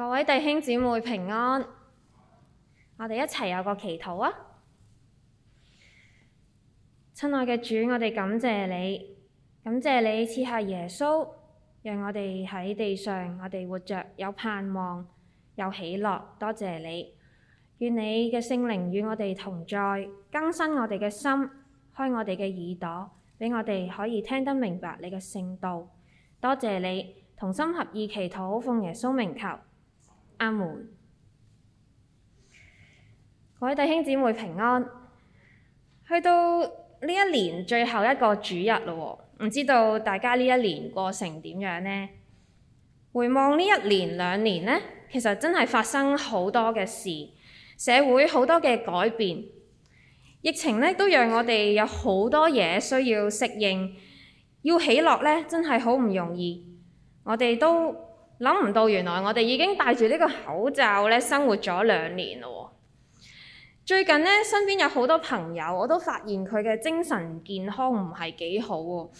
各位弟兄姊妹平安，我哋一齊有個祈禱啊！親愛嘅主，我哋感謝你，感謝你賜下耶穌，讓我哋喺地上，我哋活着有盼望，有喜樂。多謝你，願你嘅聖靈與我哋同在，更新我哋嘅心，開我哋嘅耳朵，俾我哋可以聽得明白你嘅聖道。多謝你，同心合意祈禱，奉耶穌名求。阿們，各位弟兄姊妹平安。去到呢一年最後一個主日咯，唔知道大家呢一年過成點樣呢？回望呢一年兩年呢，其實真係發生好多嘅事，社會好多嘅改變，疫情呢都讓我哋有好多嘢需要適應，要起落呢，真係好唔容易，我哋都。諗唔到，原來我哋已經戴住呢個口罩咧生活咗兩年喇喎！最近呢，身邊有好多朋友，我都發現佢嘅精神健康唔係幾好喎。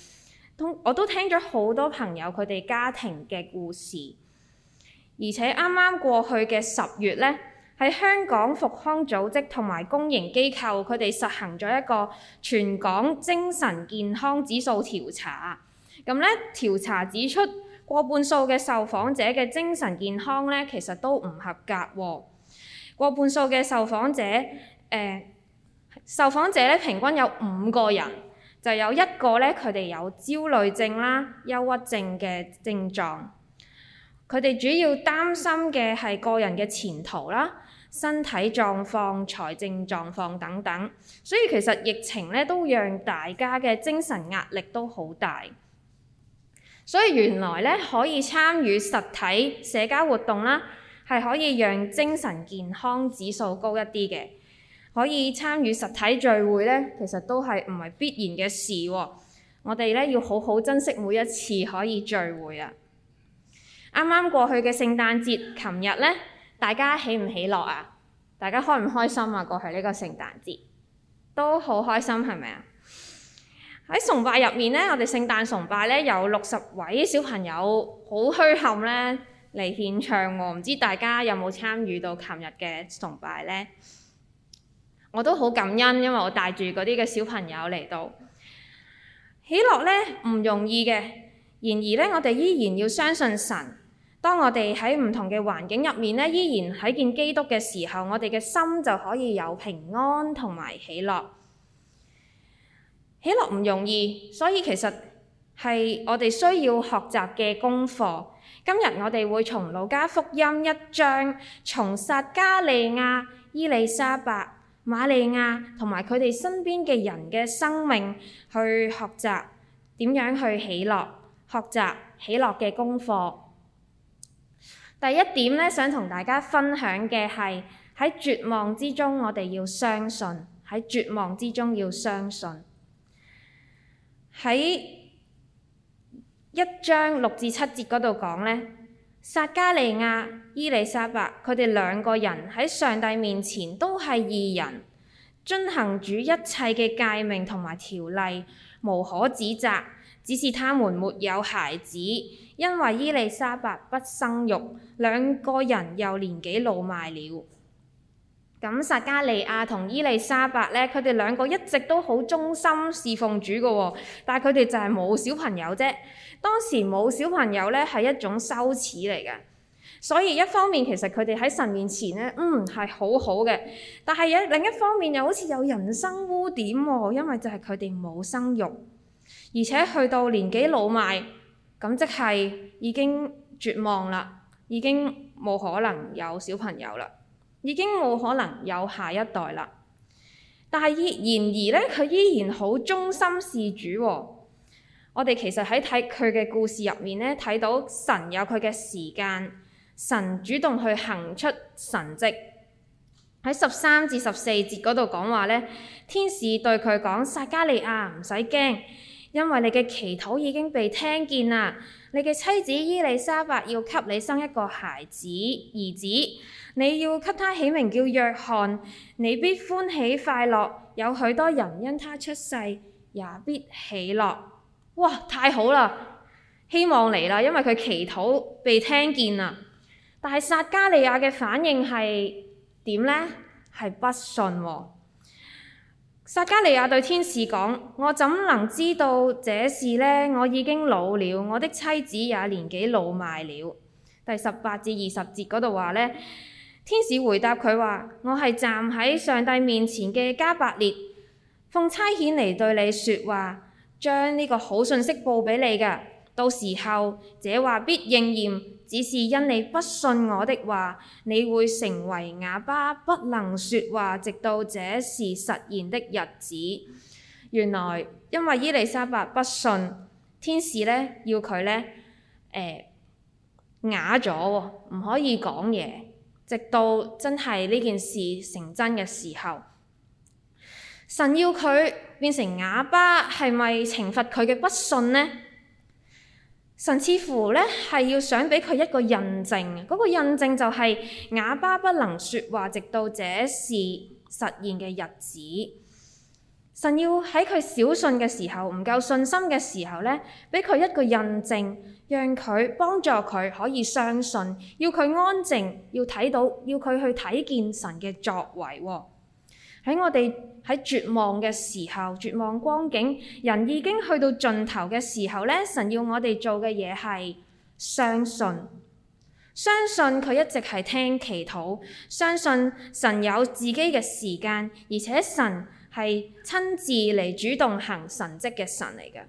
通我都聽咗好多朋友佢哋家庭嘅故事，而且啱啱過去嘅十月呢，喺香港復康組織同埋公營機構，佢哋實行咗一個全港精神健康指數調查。咁呢調查指出。過半數嘅受訪者嘅精神健康呢，其實都唔合格。過半數嘅受訪者，誒、呃，受訪者呢，平均有五個人，就有一個呢，佢哋有焦慮症啦、憂鬱症嘅症狀。佢哋主要擔心嘅係個人嘅前途啦、身體狀況、財政狀況等等。所以其實疫情呢，都讓大家嘅精神壓力都好大。所以原來咧可以參與實體社交活動啦，係可以讓精神健康指數高一啲嘅。可以參與實體聚會咧，其實都係唔係必然嘅事喎。我哋咧要好好珍惜每一次可以聚會啊！啱啱過去嘅聖誕節，琴日咧，大家喜唔喜樂啊？大家開唔開心啊？過去呢個聖誕節都好開心，係咪啊？喺崇拜入面咧，我哋聖誕崇拜咧有六十位小朋友好墟冚咧嚟獻唱喎，唔知大家有冇參與到琴日嘅崇拜咧？我都好感恩，因為我帶住嗰啲嘅小朋友嚟到。喜樂咧，唔容易嘅，然而咧我哋依然要相信神。當我哋喺唔同嘅環境入面咧，依然喺見基督嘅時候，我哋嘅心就可以有平安同埋喜樂。喜樂唔容易，所以其實係我哋需要學習嘅功課。今日我哋會從《路加福音》一章，從撒加利亞、伊麗莎白、瑪利亞同埋佢哋身邊嘅人嘅生命去學習點樣去喜樂，學習喜樂嘅功課。第一點咧，想同大家分享嘅係喺絕望之中，我哋要相信；喺絕望之中，要相信。喺一章六至七節嗰度講呢，撒加利亞、伊麗莎白佢哋兩個人喺上帝面前都係義人，遵行主一切嘅誡命同埋條例，無可指責。只是他們沒有孩子，因為伊麗莎白不生育，兩個人又年紀老邁了。咁撒迦利亞同伊利沙伯咧，佢哋兩個一直都好忠心侍奉主嘅喎、哦，但係佢哋就係冇小朋友啫。當時冇小朋友咧係一種羞恥嚟嘅，所以一方面其實佢哋喺神面前咧，嗯係好好嘅，但係有另一方面又好似有人生污點喎、哦，因為就係佢哋冇生育，而且去到年紀老邁，咁即係已經絕望啦，已經冇可能有小朋友啦。已經冇可能有下一代啦。但係，然而呢，佢依然好忠心事主，哦。我哋其實喺睇佢嘅故事入面呢，睇到神有佢嘅時間，神主動去行出神跡。喺十三至十四節嗰度講話呢，天使對佢講：撒加利亞唔使驚，因為你嘅祈禱已經被聽見啦。你嘅妻子伊麗莎白要給你生一個孩子，兒子。你要給他起名叫約翰，你必歡喜快樂，有許多人因他出世也必喜樂。哇，太好啦！希望嚟啦，因為佢祈禱被聽見啦。但係撒加利亞嘅反應係點呢？係不信喎，哦。撒加利亞對天使講：我怎能知道這事呢？我已經老了，我的妻子也年紀老邁了。第十八至二十節嗰度話呢。天使回答佢話：我係站喺上帝面前嘅加百列，奉差遣嚟，對你說話，將呢個好信息報俾你㗎。到時候，這話必應驗，只是因你不信我的話，你會成為啞巴，不能說話，直到這是實現的日子。原來因為伊麗莎白不信，天使呢要佢呢，呃，誒，啞咗喎，唔可以講嘢。直到真係呢件事成真嘅時候，神要佢變成啞巴，係咪懲罰佢嘅不信呢？神似乎呢係要想俾佢一個印證，嗰、那個印證就係啞巴不能說話，直到這事實現嘅日子。神要喺佢小信嘅時候，唔夠信心嘅時候呢，俾佢一個印證，讓佢幫助佢可以相信，要佢安靜，要睇到，要佢去睇見神嘅作為。喺我哋喺絕望嘅時候，絕望光景，人已經去到盡頭嘅時候呢，神要我哋做嘅嘢係相信，相信佢一直係聽祈禱，相信神有自己嘅時間，而且神。係親自嚟主動行神蹟嘅神嚟嘅。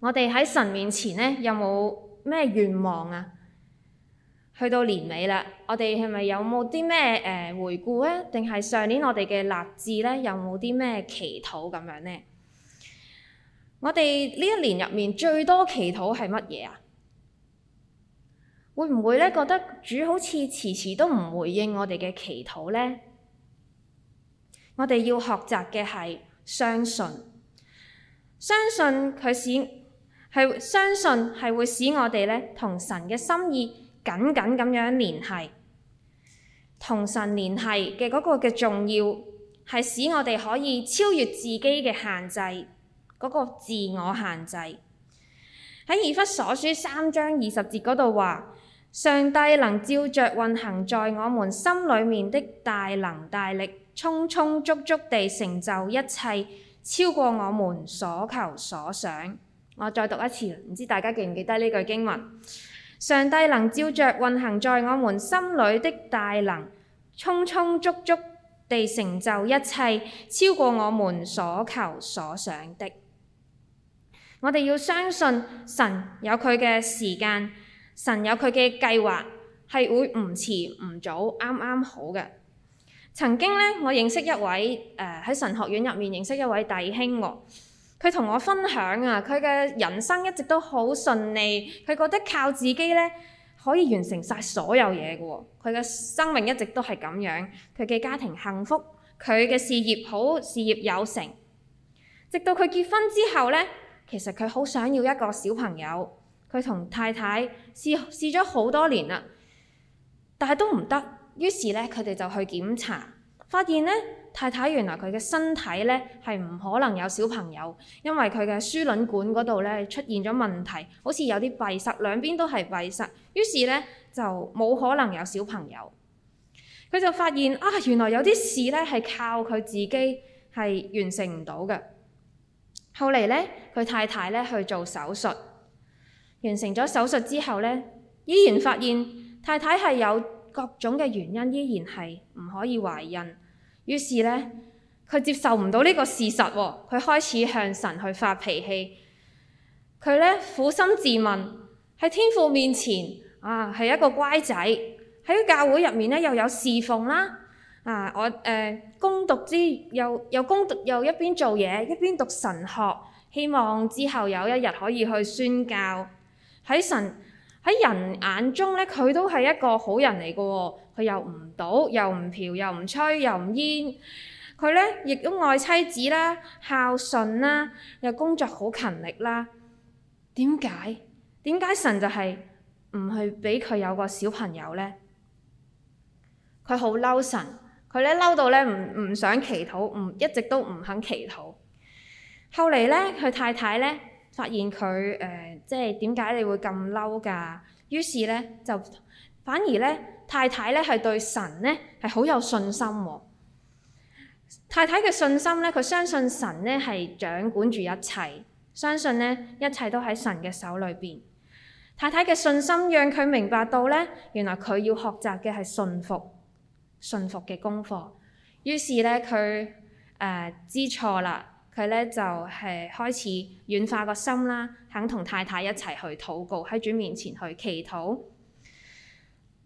我哋喺神面前呢，有冇咩願望啊？去到年尾啦，我哋係咪有冇啲咩誒回顧呢？定係上年我哋嘅立志呢，有冇啲咩祈禱咁樣呢？我哋呢一年入面最多祈禱係乜嘢啊？會唔會呢？覺得主好似遲遲都唔回應我哋嘅祈禱呢？我哋要學習嘅係相信，相信佢使係相信係會使我哋呢同神嘅心意緊緊咁樣聯繫，同神聯繫嘅嗰個嘅重要係使我哋可以超越自己嘅限制嗰個自我限制。喺以弗所書三章二十節嗰度話，上帝能照着運行在我們心裡面的大能大力。充充足足地成就一切，超過我們所求所想。我再讀一次，唔知大家記唔記得呢句經文？上帝能照着運行在我們心裏的大能，充充足足地成就一切，超過我們所求所想的。我哋要相信神有佢嘅時間，神有佢嘅計劃，係會唔遲唔早，啱啱好嘅。曾經呢，我認識一位誒喺、呃、神學院入面認識一位弟兄喎，佢同我分享啊，佢嘅人生一直都好順利，佢覺得靠自己呢，可以完成晒所有嘢嘅喎，佢嘅生命一直都係咁樣，佢嘅家庭幸福，佢嘅事業好，事業有成，直到佢結婚之後呢，其實佢好想要一個小朋友，佢同太太試試咗好多年啦，但係都唔得。於是咧，佢哋就去檢查，發現呢，太太原來佢嘅身體咧係唔可能有小朋友，因為佢嘅輸卵管嗰度咧出現咗問題，好似有啲閉塞，兩邊都係閉塞。於是咧就冇可能有小朋友。佢就發現啊，原來有啲事咧係靠佢自己係完成唔到嘅。後嚟呢，佢太太咧去做手術，完成咗手術之後咧，依然發現太太係有。各種嘅原因依然係唔可以懷孕，於是呢，佢接受唔到呢個事實，佢開始向神去發脾氣。佢呢，苦心自問，喺天父面前啊係一個乖仔，喺教會入面呢又有侍奉啦，啊我誒攻、呃、讀之又又攻讀又一邊做嘢一邊讀神學，希望之後有一日可以去宣教喺神。喺人眼中咧，佢都係一個好人嚟嘅喎，佢又唔賭，又唔嫖，又唔吹，又唔煙，佢咧亦都愛妻子啦，孝順啦，又工作好勤力啦。點解？點解神就係唔去俾佢有個小朋友咧？佢好嬲神，佢咧嬲到咧唔唔想祈禱，唔一直都唔肯祈禱。後嚟咧，佢太太咧。發現佢誒、呃，即係點解你會咁嬲㗎？於是咧，就反而咧，太太咧係對神咧係好有信心喎、哦。太太嘅信心咧，佢相信神咧係掌管住一切，相信咧一切都喺神嘅手裏邊。太太嘅信心讓佢明白到咧，原來佢要學習嘅係信服，信服嘅功課。於是咧，佢誒、呃，知錯啦。佢咧就係、是、開始軟化個心啦，肯同太太一齊去禱告，喺主面前去祈禱。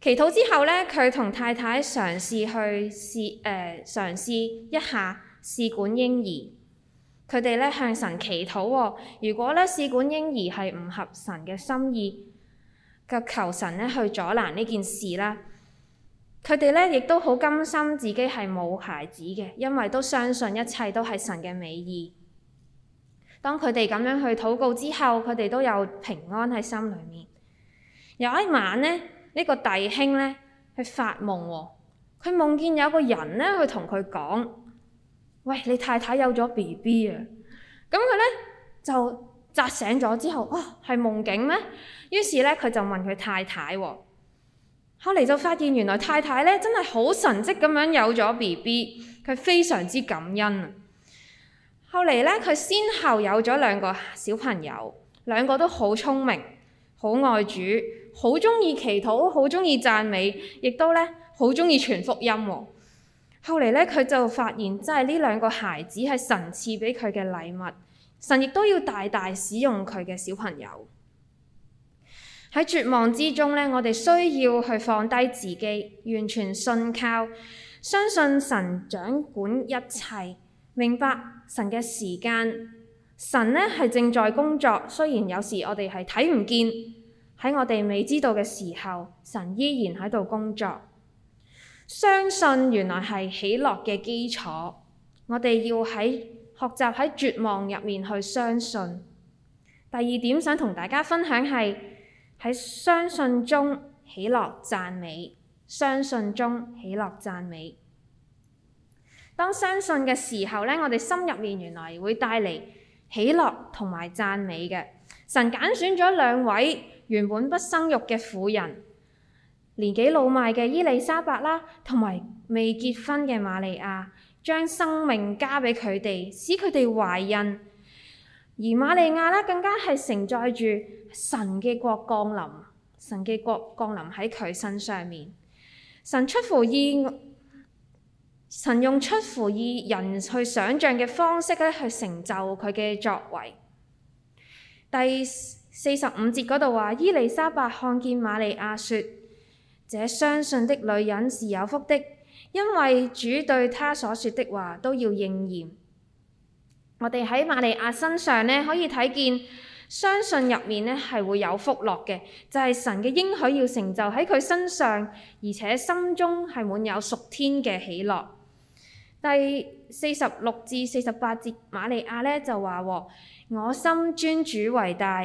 祈禱之後咧，佢同太太嘗試去試誒、呃、嘗試一下試管嬰兒。佢哋咧向神祈禱、哦，如果咧試管嬰兒係唔合神嘅心意，就求神咧去阻攔呢件事啦。佢哋呢亦都好甘心自己係冇孩子嘅，因為都相信一切都係神嘅美意。當佢哋咁樣去禱告之後，佢哋都有平安喺心裏面。有一晚呢，呢、這個弟兄呢去發夢，佢夢見有個人呢去同佢講：喂，你太太有咗 B B 啊？咁佢呢就扎醒咗之後，啊、哦，係夢境咩？於是呢，佢就問佢太太。後嚟就發現原來太太咧真係好神蹟咁樣有咗 BB，佢非常之感恩啊！後嚟咧佢先後有咗兩個小朋友，兩個都好聰明，好愛主，好中意祈禱，好中意讚美，亦都咧好中意傳福音。後嚟咧佢就發現真係呢兩個孩子係神賜俾佢嘅禮物，神亦都要大大使用佢嘅小朋友。喺絕望之中呢，我哋需要去放低自己，完全信靠，相信神掌管一切，明白神嘅時間，神呢係正在工作，雖然有時我哋係睇唔見，喺我哋未知道嘅時候，神依然喺度工作。相信原來係喜樂嘅基礎，我哋要喺學習喺絕望入面去相信。第二點想同大家分享係：喺相信中喜樂讚美，相信中喜樂讚美。當相信嘅時候呢，我哋心入面原來會帶嚟喜樂同埋讚美嘅。神揀選咗兩位原本不生育嘅婦人，年紀老邁嘅伊麗莎白啦，同埋未結婚嘅瑪利亞，將生命加俾佢哋，使佢哋懷孕。而瑪利亞咧，更加係承載住神嘅國降臨，神嘅國降臨喺佢身上面。神出乎意，神用出乎意人去想象嘅方式咧，去成就佢嘅作為。第四十五節嗰度話，伊麗莎白看見瑪利亞説：這相信的女人是有福的，因為主對她所説的話都要應驗。我哋喺瑪利亞身上呢，可以睇見相信入面呢係會有福樂嘅，就係神嘅應許要成就喺佢身上，而且心中係滿有屬天嘅喜樂。第四十六至四十八節，瑪利亞呢就話：我心尊主為大，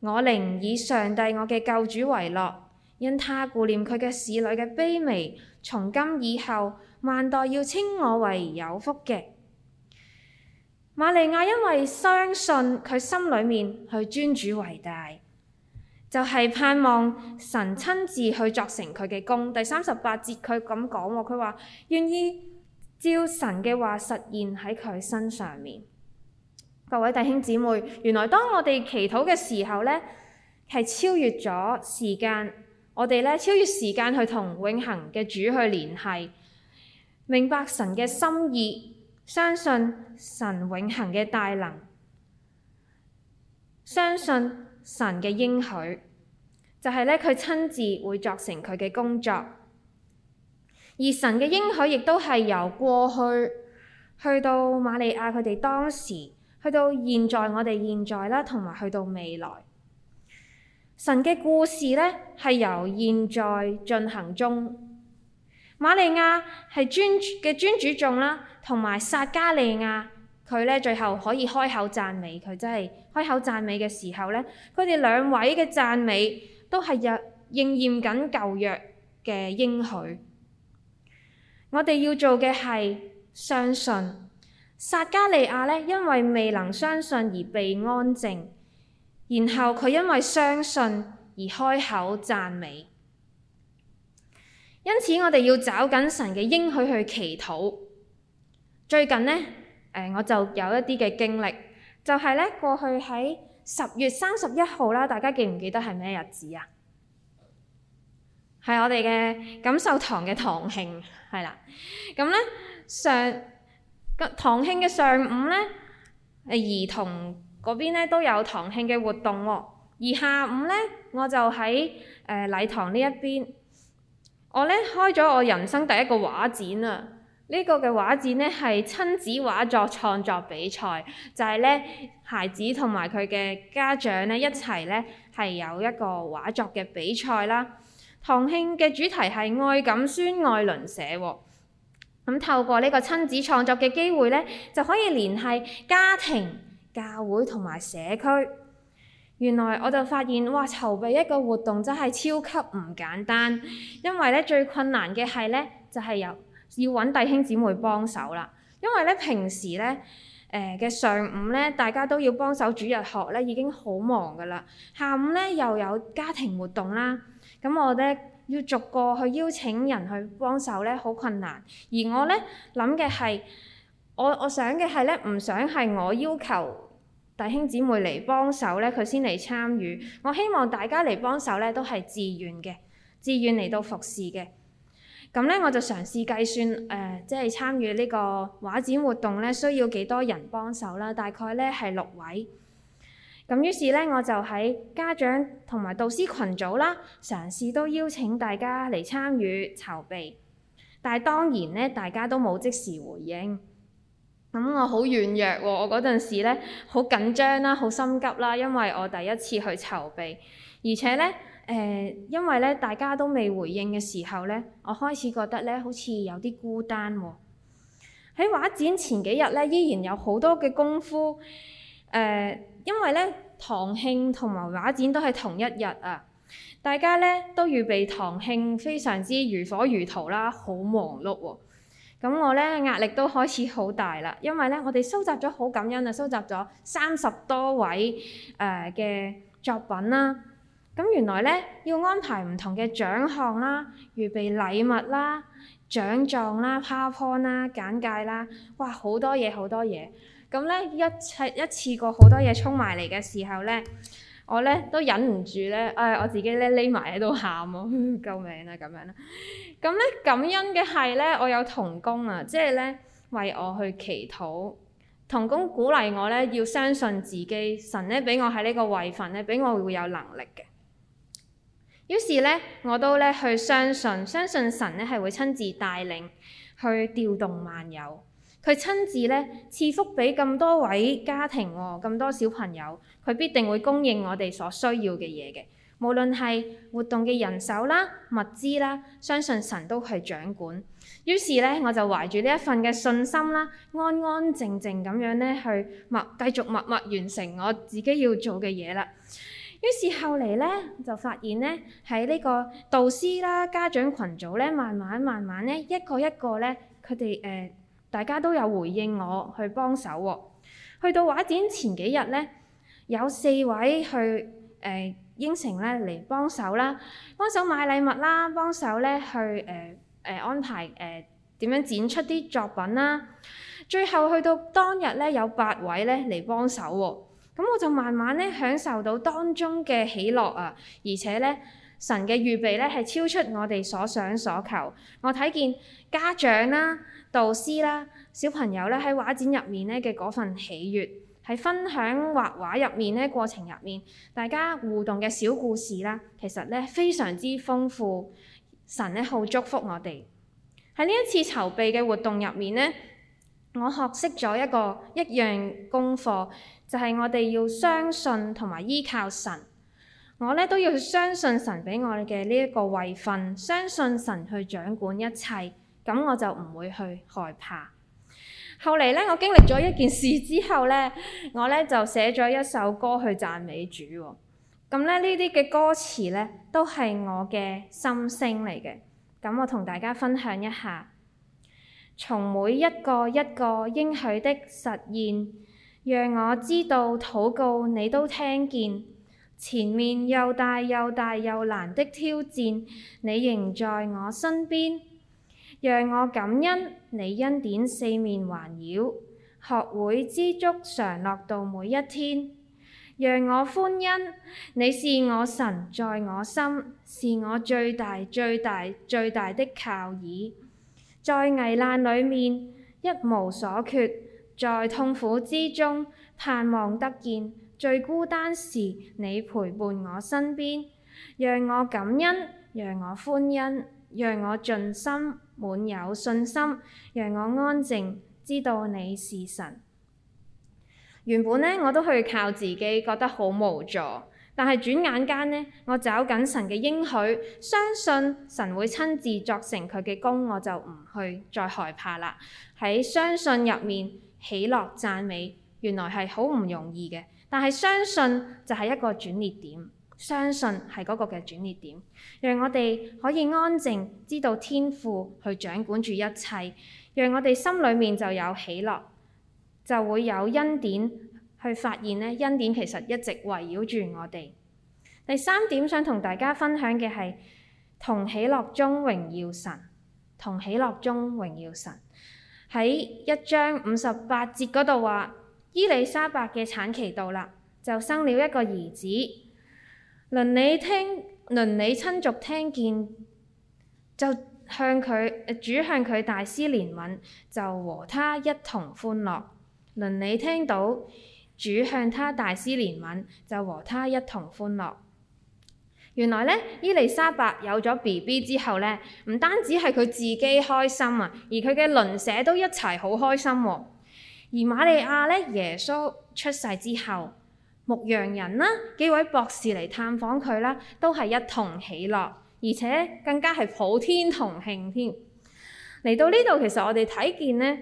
我靈以上帝我嘅救主為樂，因他顧念佢嘅使女嘅卑微。從今以後，萬代要稱我為有福嘅。瑪利亞因為相信，佢心裏面去尊主為大，就係、是、盼望神親自去作成佢嘅功。第三十八節佢咁講喎，佢話願意照神嘅話實現喺佢身上面。各位弟兄姊妹，原來當我哋祈禱嘅時候呢，係超越咗時間，我哋呢，超越時間去同永恒嘅主去聯繫，明白神嘅心意。相信神永恆嘅大能，相信神嘅應許，就係呢，佢親自會作成佢嘅工作。而神嘅應許亦都係由過去去到瑪利亞佢哋當時去到現在，我哋現在啦，同埋去到未來。神嘅故事呢，係由現在進行中。瑪利亞係尊嘅尊主頌啦，同埋撒加利亞，佢呢，最後可以開口讚美，佢真係開口讚美嘅時候呢，佢哋兩位嘅讚美都係應驗緊舊約嘅應許。我哋要做嘅係相信。撒加利亞呢，因為未能相信而被安靜，然後佢因為相信而開口讚美。因此，我哋要找緊神嘅應許去祈禱。最近呢，誒、呃、我就有一啲嘅經歷，就係、是、咧過去喺十月三十一號啦，大家記唔記得係咩日子啊？係我哋嘅錦繡堂嘅堂慶，係啦。咁、嗯、咧上個堂慶嘅上午咧，誒兒童嗰邊咧都有堂慶嘅活動喎、哦。而下午咧，我就喺誒、呃、禮堂呢一邊。我咧開咗我人生第一個畫展啊！呢、這個嘅畫展呢，係親子畫作創作比賽，就係、是、咧孩子同埋佢嘅家長咧一齊咧係有一個畫作嘅比賽啦。堂慶嘅主題係愛感孫愛鄰舍，咁、嗯、透過個親呢個親子創作嘅機會咧，就可以聯繫家庭、教會同埋社區。原來我就發現，哇！籌備一個活動真係超級唔簡單，因為咧最困難嘅係咧就係有要揾弟兄姊妹幫手啦。因為咧平時咧誒嘅上午咧，大家都要幫手主日學咧，已經好忙噶啦。下午咧又有家庭活動啦，咁我咧要逐個去邀請人去幫手咧，好困難。而我咧諗嘅係，我我想嘅係咧，唔想係我要求。弟兄姊妹嚟幫手咧，佢先嚟參與。我希望大家嚟幫手咧，都係自願嘅，自願嚟到服侍嘅。咁咧，我就嘗試計算，誒，呃，即係參與呢個畫展活動咧，需要幾多人幫手啦？大概咧係六位。咁於是咧，我就喺家長同埋導師群組啦，嘗試都邀請大家嚟參與籌備。但係當然咧，大家都冇即時回應。咁、嗯、我好軟弱喎、啊，我嗰陣時咧好緊張啦、啊，好心急啦、啊，因為我第一次去籌備，而且咧誒、呃，因為咧大家都未回應嘅時候咧，我開始覺得咧好似有啲孤單喎、啊。喺畫展前幾日咧，依然有好多嘅功夫誒、呃，因為咧堂慶同埋畫展都係同一日啊，大家咧都預備堂慶，非常之如火如荼啦、啊，好忙碌喎、啊。咁我咧壓力都開始好大啦，因為咧我哋收集咗好感恩啊，收集咗三十多位誒嘅、呃、作品啦。咁原來咧要安排唔同嘅獎項啦、預備禮物啦、獎狀啦、PowerPoint 啦、簡介啦，哇好多嘢好多嘢。咁咧一切一,一次過好多嘢衝埋嚟嘅時候咧。我咧都忍唔住咧，唉、哎，我自己咧匿埋喺度喊救命啊！咁樣啦，咁 咧感恩嘅係咧，我有同工啊，即係咧為我去祈禱，同工鼓勵我咧要相信自己，神咧俾我喺呢個位份咧，俾我會有能力嘅。於是咧，我都咧去相信，相信神咧係會親自帶領去調動萬有。佢親自咧賜福俾咁多位家庭喎，咁多小朋友，佢必定會供應我哋所需要嘅嘢嘅。無論係活動嘅人手啦、物資啦，相信神都係掌管。於是咧，我就懷住呢一份嘅信心啦，安安靜靜咁樣咧去默繼續默默完成我自己要做嘅嘢啦。於是後嚟咧就發現咧喺呢個導師啦、家長群組咧，慢慢慢慢咧一個一個咧，佢哋誒。呃大家都有回應我去幫手喎。去到畫展前幾日咧，有四位去誒、呃、應承咧嚟幫手啦，幫手買禮物啦，幫手咧去誒誒、呃呃、安排誒點、呃、樣展出啲作品啦。最後去到當日咧，有八位咧嚟幫手喎。咁、哦、我就慢慢咧享受到當中嘅喜樂啊，而且咧神嘅預備咧係超出我哋所想所求。我睇見家長啦、啊。導師啦，小朋友咧喺畫展入面咧嘅嗰份喜悦，喺分享畫畫入面咧過程入面，大家互動嘅小故事啦，其實咧非常之豐富。神咧好祝福我哋喺呢一次籌備嘅活動入面呢，我學識咗一個一樣功課，就係、是、我哋要相信同埋依靠神。我咧都要相信神俾我哋嘅呢一個位份，相信神去掌管一切。咁我就唔會去害怕。後嚟呢，我經歷咗一件事之後呢，我呢就寫咗一首歌去讚美主。咁呢，呢啲嘅歌詞呢，都係我嘅心聲嚟嘅。咁我同大家分享一下，從每一個一個應許的實現，讓我知道禱告你都聽見。前面又大又大又難的挑戰，你仍在我身邊。讓我感恩，你恩典四面環繞，學會知足常樂到每一天。讓我歡欣，你是我神，在我心是我最大、最大、最大的靠倚。在危難裏面一無所缺，在痛苦之中盼望得見，最孤單時你陪伴我身邊。讓我感恩，讓我歡欣，讓我盡心。滿有信心，讓我安靜，知道你是神。原本呢，我都去靠自己，覺得好無助，但係轉眼間呢，我找緊神嘅應許，相信神會親自作成佢嘅功，我就唔去再害怕啦。喺相信入面，喜樂讚美，原來係好唔容易嘅，但係相信就係一個轉捩點。相信係嗰個嘅轉捩點，讓我哋可以安靜，知道天父去掌管住一切，讓我哋心裏面就有喜樂，就會有恩典去發現咧。恩典其實一直圍繞住我哋。第三點想同大家分享嘅係同喜樂中榮耀神，同喜樂中榮耀神喺一章五十八節嗰度話，伊麗莎白嘅產期到啦，就生了一個兒子。鄰里聽鄰里親族聽見，就向佢主向佢大施憐憫，就和他一同歡樂。鄰里聽到主向他大施憐憫，就和他一同歡樂。原來呢，伊麗莎白有咗 B B 之後呢，唔單止係佢自己開心啊，而佢嘅鄰舍都一齊好開心喎。而馬利亞呢，耶穌出世之後，牧羊人啦，幾位博士嚟探訪佢啦，都係一同喜樂，而且更加係普天同慶添。嚟到呢度，其實我哋睇見呢，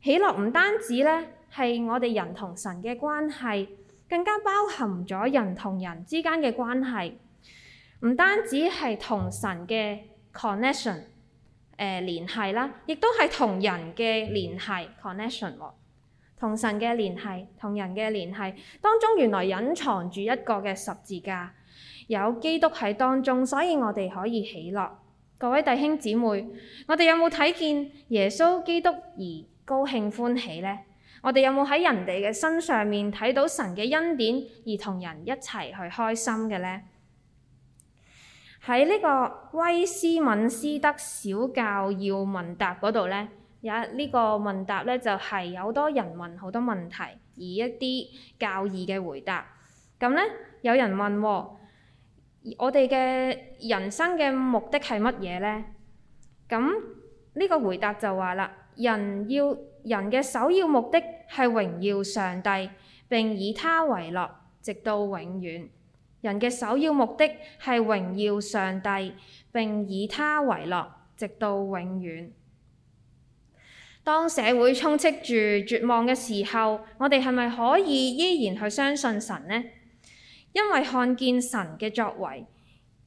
喜樂唔單止咧係我哋人同神嘅關係，更加包含咗人同人之間嘅關係，唔單止係同神嘅 connection 誒、呃、聯繫啦，亦都係同人嘅聯繫 connection。同神嘅聯繫，同人嘅聯繫當中，原來隱藏住一個嘅十字架，有基督喺當中，所以我哋可以喜樂。各位弟兄姊妹，我哋有冇睇見耶穌基督而高興歡喜呢？我哋有冇喺人哋嘅身上面睇到神嘅恩典而同人一齊去開心嘅呢？喺呢個威斯敏斯德小教要問答嗰度呢。有呢個問答咧，就係有多人問好多問題，而一啲教義嘅回答。咁咧，有人問：哦、我哋嘅人生嘅目的係乜嘢咧？咁呢、這個回答就話啦：人要人嘅首要目的係榮耀上帝，並以他為樂，直到永遠。人嘅首要目的係榮耀上帝，並以他為樂，直到永遠。當社會充斥住絕望嘅時候，我哋係咪可以依然去相信神呢？因為看見神嘅作為，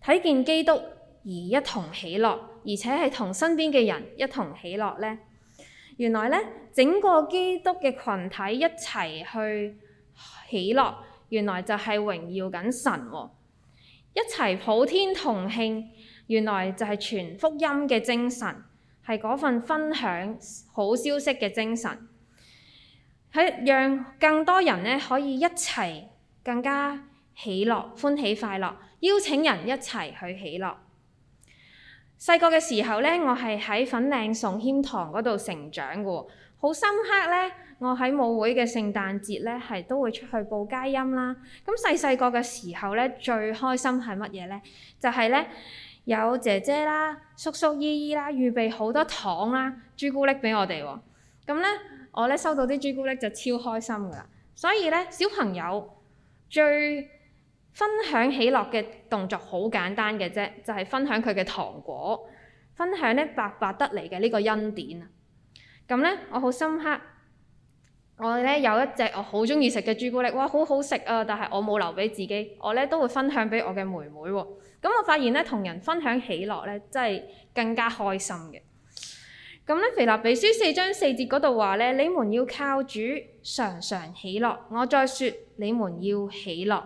睇見基督而一同喜樂，而且係同身邊嘅人一同喜樂呢？原來呢整個基督嘅群體一齊去喜樂，原來就係榮耀緊神，一齊普天同慶，原來就係全福音嘅精神。係嗰份分享好消息嘅精神，喺讓更多人呢可以一齊更加喜樂、歡喜、快樂，邀請人一齊去喜樂。細個嘅時候呢，我係喺粉嶺崇謙堂嗰度成長嘅喎，好深刻呢，我喺舞會嘅聖誕節呢，係都會出去報佳音啦。咁細細個嘅時候呢，最開心係乜嘢呢？就係、是、呢。有姐姐啦、叔叔姨姨啦，預備好多糖啦、朱古力俾我哋喎、啊。咁呢，我呢收到啲朱古力就超開心㗎喇。所以呢，小朋友最分享喜樂嘅動作好簡單嘅啫，就係、是、分享佢嘅糖果，分享呢白白得嚟嘅呢個恩典啊。咁呢，我好深刻，我呢有一隻我好中意食嘅朱古力，哇，好好食啊！但係我冇留俾自己，我呢都會分享俾我嘅妹妹喎、啊。咁我發現呢，同人分享喜樂呢，真係更加開心嘅。咁呢，腓立比書四章四節嗰度話呢，你常常你，你們要靠主常常喜樂。我再説，你們要喜樂。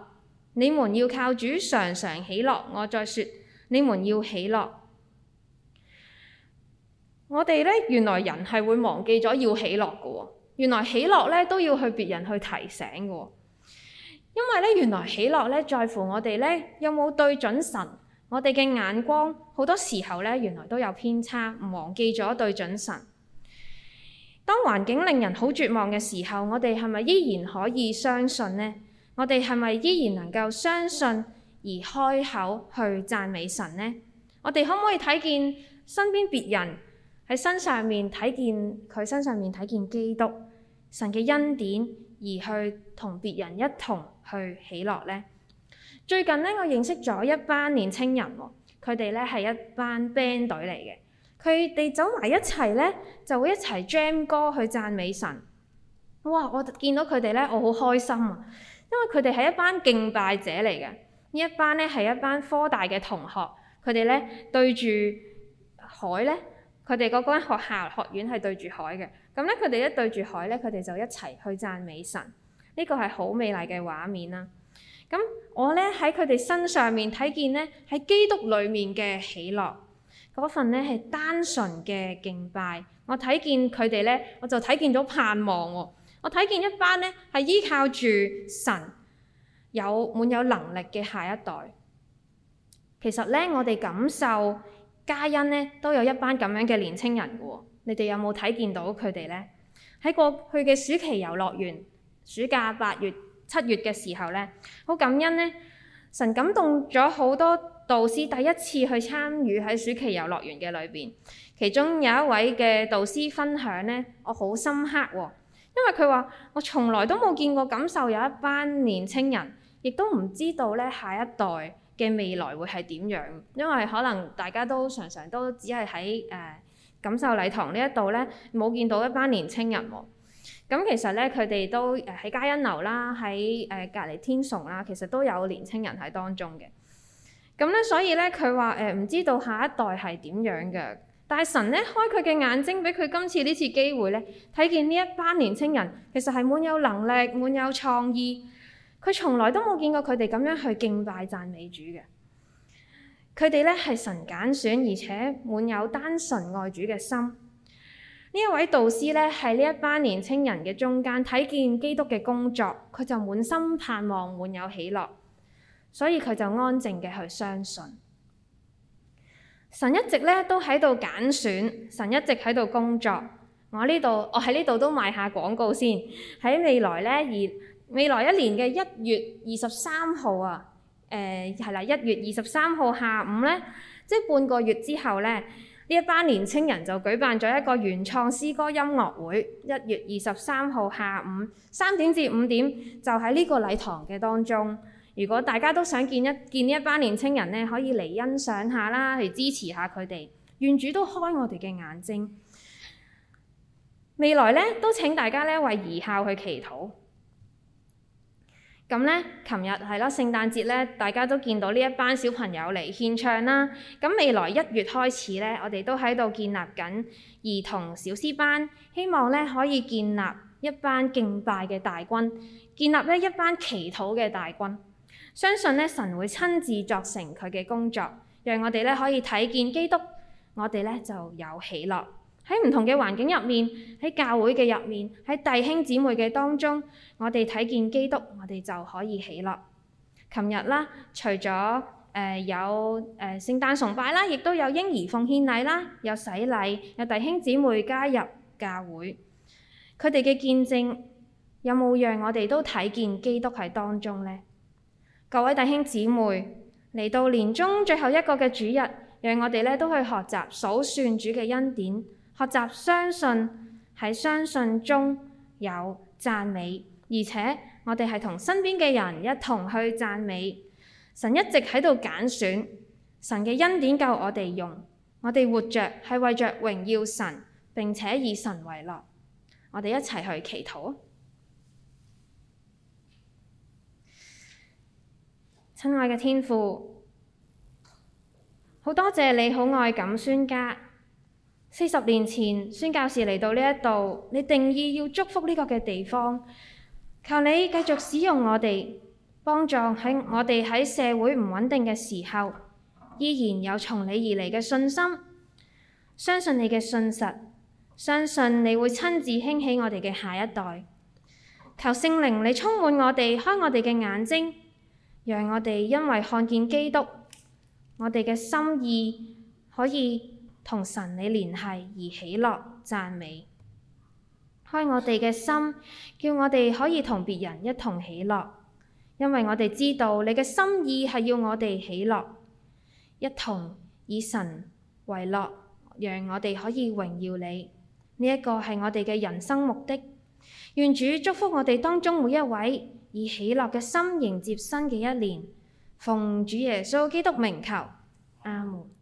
你們要靠主常常喜樂。我再説，你們要喜樂。我哋呢，原來人係會忘記咗要喜樂㗎喎。原來喜樂呢，都要去別人去提醒㗎喎、哦。因為咧，原來喜樂咧，在乎我哋咧有冇對準神。我哋嘅眼光好多時候咧，原來都有偏差，忘記咗對準神。當環境令人好絕望嘅時候，我哋係咪依然可以相信呢？我哋係咪依然能夠相信而開口去讚美神呢？我哋可唔可以睇見身邊別人喺身上面睇見佢身上面睇見基督神嘅恩典，而去同別人一同去喜樂咧。最近咧，我認識咗一班年青人喎，佢哋咧係一班 band 隊嚟嘅。佢哋走埋一齊咧，就會一齊 jam 歌去讚美神。哇！我見到佢哋咧，我好開心啊，因為佢哋係一班敬拜者嚟嘅。一呢一班咧係一班科大嘅同學，佢哋咧對住海咧，佢哋嗰間學校學院係對住海嘅。咁咧，佢哋一對住海咧，佢哋就一齊去讚美神。呢個係好美麗嘅畫面啦。咁我咧喺佢哋身上面睇見咧，喺基督裡面嘅喜樂嗰份咧係單純嘅敬拜。我睇見佢哋咧，我就睇見咗盼望喎。我睇見一班咧係依靠住神有滿有能力嘅下一代。其實咧，我哋感受嘉欣咧都有一班咁樣嘅年輕人嘅喎。你哋有冇睇見到佢哋咧？喺過去嘅暑期遊樂園。暑假八月、七月嘅時候呢，好感恩呢，神感動咗好多導師第一次去參與喺暑期遊樂園嘅裏邊。其中有一位嘅導師分享呢，我好深刻喎、哦，因為佢話我從來都冇見過感受有一班年青人，亦都唔知道呢下一代嘅未來會係點樣，因為可能大家都常常都只係喺誒感受禮堂呢一度呢，冇見到一班年青人喎、哦。咁其實咧，佢哋都喺嘉欣樓啦，喺誒隔離天崇啦，其實都有年青人喺當中嘅。咁咧，所以咧，佢話誒唔知道下一代係點樣嘅。但係神咧，開佢嘅眼睛，俾佢今次呢次機會咧，睇見呢一班年青人其實係滿有能力、滿有創意。佢從來都冇見過佢哋咁樣去敬拜讚美主嘅。佢哋咧，係神揀選，而且滿有單純愛主嘅心。呢一位導師咧，喺呢一班年青人嘅中間，睇見基督嘅工作，佢就滿心盼望，滿有喜樂，所以佢就安靜嘅去相信。神一直咧都喺度揀選，神一直喺度工作。我呢度，我喺呢度都賣下廣告先。喺未來咧，而未來一年嘅一月二十三號啊，誒係啦，一月二十三號下午咧，即半個月之後咧。呢一班年青人就舉辦咗一個原創詩歌音樂會，一月二十三號下午三點至五點，就喺呢個禮堂嘅當中。如果大家都想見一見呢一班年青人呢，可以嚟欣賞下啦，去支持下佢哋。願主都開我哋嘅眼睛。未來呢，都請大家咧為移校去祈禱。咁咧，琴日係咯聖誕節咧，大家都見到呢一班小朋友嚟獻唱啦。咁未來一月開始咧，我哋都喺度建立緊兒童小詩班，希望咧可以建立一班敬拜嘅大軍，建立呢一班祈禱嘅大軍。相信咧神會親自作成佢嘅工作，讓我哋咧可以睇見基督，我哋咧就有喜樂。喺唔同嘅環境入面，喺教會嘅入面，喺弟兄姊妹嘅當中，我哋睇見基督，我哋就可以喜樂。琴日啦，除咗誒、呃、有誒、呃、聖誕崇拜啦，亦都有嬰兒奉獻禮啦，有洗禮，有弟兄姊妹加入教會，佢哋嘅見證有冇讓我哋都睇見基督喺當中呢？各位弟兄姊妹嚟到年終最後一個嘅主日，讓我哋咧都去學習數算主嘅恩典。學習相信，喺相信中有讚美，而且我哋係同身邊嘅人一同去讚美神。一直喺度揀選，神嘅恩典夠我哋用，我哋活着係為着榮耀神，並且以神為樂。我哋一齊去祈禱，親愛嘅天父，好多謝你好愛咁宣家。四十年前，宣教士嚟到呢一度，你定意要祝福呢個嘅地方，求你繼續使用我哋，幫助喺我哋喺社會唔穩定嘅時候，依然有從你而嚟嘅信心，相信你嘅信實，相信你會親自興起我哋嘅下一代。求聖靈，你充滿我哋，開我哋嘅眼睛，讓我哋因為看見基督，我哋嘅心意可以，同神你聯繫而喜樂讚美，開我哋嘅心，叫我哋可以同別人一同喜樂，因為我哋知道你嘅心意係要我哋喜樂，一同以神為樂，讓我哋可以榮耀你，呢一個係我哋嘅人生目的。願主祝福我哋當中每一位以喜樂嘅心迎接新嘅一年。奉主耶穌基督名求，阿門。